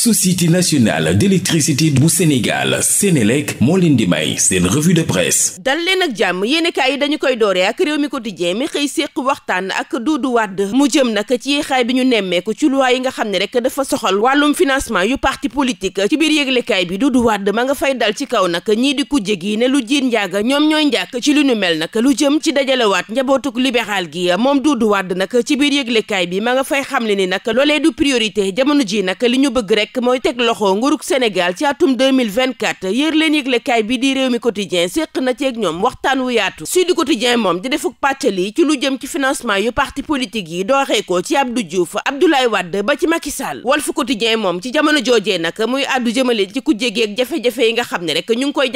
société nationale d'électricité bu Sénégal Sénélec moo leen di may seen revue de presse dal leen ak jàmm yéenekaay yi dañu koy dooree ak réew mi quotidien mi xëy séq waxtaan ak Doudou Wade mu jëm nag ci yéexaay bi ñu nemmeeku ci loi yi nga xam ne rek dafa soxal wàllum financement yu parti politique ci biir yéglekaay bi Doudou Wade ma nga fay dal ci kaw nag ñii di kujje gi ne lu jiin njaaga ñoom ñooy njàkk ci lu nu mel nag lu jëm ci dajalewaat njabootuk libéral gi moom Doudou Wade nag ci biir yéglekaay bi ma nga fay xamle ni nag loolee du priorité jamono ji nag li ñu bëgg rek rek mooy teg loxo nguurug Sénégal ci atum 2024 yër leen yëglekaay bi di réew mi quotidien séq na ceeg ñoom waxtaan wu yaatu Sud Quotidien moom di defuk pàccali ci lu jëm ci financement yu parti politique yi dooxee ko ci Abdou Diouf Abdoulaye Wade ba ci Macky Sall Walf Quotidien moom ci jamono joojee nag muy àddu jëmale ci ku jégeeg jafe-jafe yi nga xam ne rek ñu ngi koy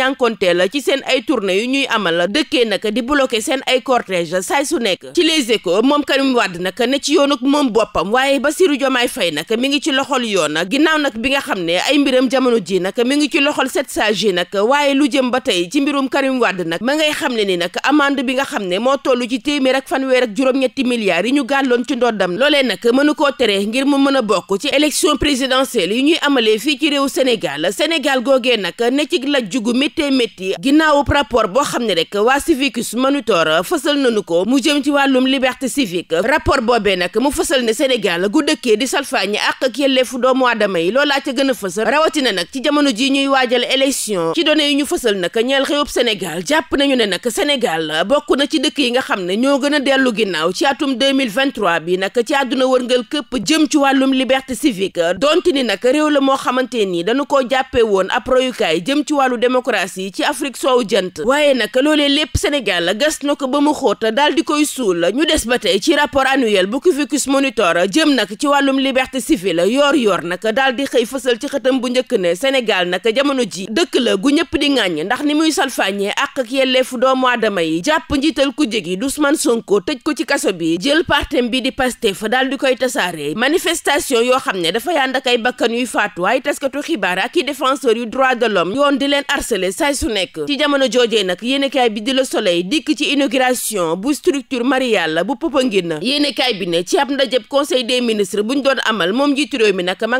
la ci seen ay tournée yu ñuy amal dëkkee nag di bloqué seen ay cortège saay su nekk ci les échos moom Karim Wade nag ne ci yoonuk moom boppam waaye Bassirou Diomaye Faye nag mi ngi ci loxol yoon ginnaaw nag bi nga xam ne ay mbiram jamono ji nag mi ngi ci loxol sept sages yi nag waaye lu jëm ba tey ci mbirum Karim wàdd nag ma ngay xam ne ni nag amande bi nga xam ne moo tollu ci téeméer ak fanweer ak juróom-ñetti milliards yi ñu gàlloon ci ndoddam loolee nag mënu koo tere ngir mu mën a bokk ci élection présidentielle yi ñuy amalee fii ci réew Sénégal Sénégal googee nag ne ci la jugu méttee métti ginnaaw rapport boo xam ne rek waa Civicus Monitor fësal nañu ko mu jëm ci wàllum liberté civique rapport boobee nag mu fësal ne Sénégal gu dëkkee di salfaañi àq ak yelleefu doomu aadama yi loolu laa ca gën a fësal rawatina nag ci jamono ji ñuy waajal élection ci données yi ñu fësal nag ñeel xëyub Sénégal jàpp nañu ne nag Sénégal bokk na ci dëkk yi nga xam ne ñoo gën a dellu ginnaaw ci atum 2023 bi nag ci àdduna wërngal këpp jëm ci wàllum liberté civique donte ni nag réew la moo xamante nii dañu koo jàppee woon ab royukaay jëm ci wàllu démocratie ci Afrique soow jant waaye nag loolee lépp Sénégal gas na ko ba mu xóot daal di koy suul ñu des ba tey ci rapport annuel bu Cuvicus Monitor jëm nag ci wàllum liberté civile yoor yoor nag di xëy fësal ci xëtam bu njëkk ne Sénégal nag jamono ji dëkk la gu ñëpp di ŋàññ ndax ni muy salfaañee àq ak yelleefu doomu aadama yi jàpp njiital ku jégi Ousmane Sonko tëj ko ci kaso bi jël partem bi di Pastef daal di koy tasaare manifestation yoo xam ne dafa yànd ak ay bakkan yuy faatu ay taskatu xibaar ak i défenseur yu droit de l'homme yoon di leen harceler saay su nekk ci jamono joojee nag yéenekaay bi di Le Soleil dikk ci inauguration bu structure mariale bu Popenguine yéenekaay bi ne ci ab ndajeb conseil des ministres buñ doon amal moom njiitu réew mi nag ma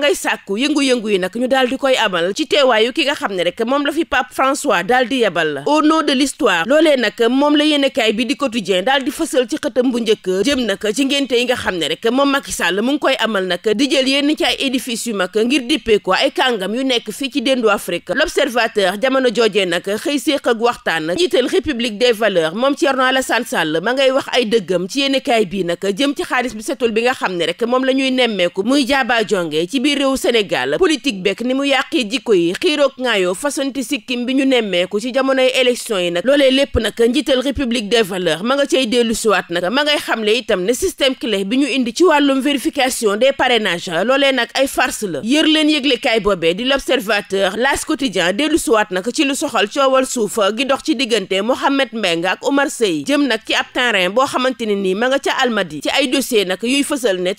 nemmeeku yëngu-yëngu yi nag ñu daal di koy amal ci teewaayu ki nga xam ne rek moom la fi Pape François daal di yebal au nom de l'histoire loole nag moom la yéenekaay bi di quotidien daal di fësal ci xëtam bu njëkk jëm nag ci ngénte yi nga xam ne rek moom Macky Sall mu ngi koy amal nag di jël yenn ci ay édifices yu mag ngir dippee ay kàngam yu nekk fii ci dendu Afrique l'observateur jamono joojee nag xëy séeq ak waxtaan njiital république des valeurs moom ci Thierno Alassane Sall ma ngay wax ay dëggam ci yéenekaay bii nag jëm ci xaalis bi setul bi nga xam ne rek moom la ñuy nemmeeku muy jaabaa jonge ci biir réew Sénégal Sénégal bekk ni mu yàqee jikko yi xiiroog ngaayoo façonti sikkim bi ñu nemmeeku ci jamonoy élection yi nag ma nga cay dellu siwaat nag ma ngay xamle itam ne système clé bi ñu indi ci wàllum vérification des parrainages loolee nag ay farce la yër leen yëglekaay boobee di l'observateur las quotidien dellu siwaat nag ci lu soxal coowal suuf gi dox ci diggante Mohamed Mbeng ak Omar Sey jëm nag ci ab terrain boo xamante nii ma nga ca Almadi ci ay dossier nag yuy fësal ne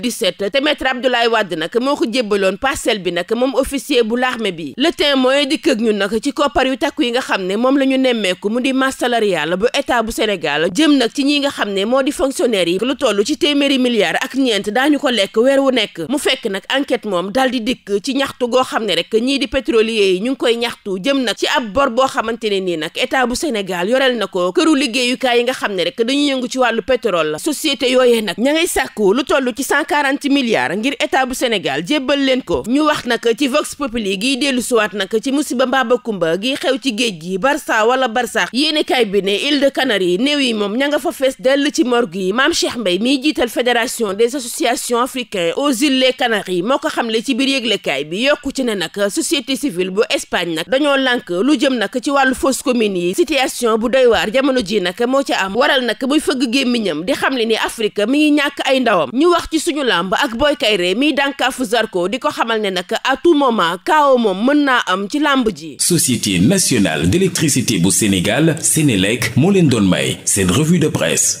2017 te maître Abdoulaye Wade nag moo ko jébbaloon parcelle bi nag moom officier bu l'armée bi le témoin di këg ñun nag ci koppar yu takku yi nga xam ne moom la ñu nemmeeku mu di masse salariale bu état bu Sénégal jëm nag ci ñii nga xam ne moo di fonctionnaire yi lu toll ci téeméeri milliards ak ñeent daañu ko lekk weer wu nekk mu fekk nag enquête moom daal di dikk ci ñaxtu goo xam ne rek ñii di pétrolier yi ñu ngi koy ñaxtu jëm nag ci ab bor boo xamante ne nii nag état bu Sénégal yoreel na ko këru liggéeyukaay yi nga xam ne rek dañuy yëngu ci wàllu pétrole société yooyee cent quarante milliards ngir état bu Sénégal jébbal leen ko ñu wax nag ci Vox Populi giy dellu suwaat nag ci musiba mbaaba kumba gi xew ci géej gi Barça wala Barsax yéenekaay bi ne île de Canaries néew yi moom ña nga fa fees dell ci morgue yi maam Cheikh mbay miy jiital fédération des associations africaines aux îles les Canaries moo ko xamle ci biir yëglekaay bi yokku ci ne nag société civile bu Espagne nag dañoo lànk lu jëm nag ci wàllu fausse commune yi situation bu doy jamono ji nag moo ca am waral nag muy fëgg gémmiñam di xamle ni Afrique mi ngi ñàkk ay ndawam suñu làmb ak Boy mii miy dànkaafu Zarko di ko xamal ne nag à tout moment kaaw moom mën naa am ci làmb ji. Société nationale d'électricité bu Sénégal Sénélec moo leen doon may seen revue de presse.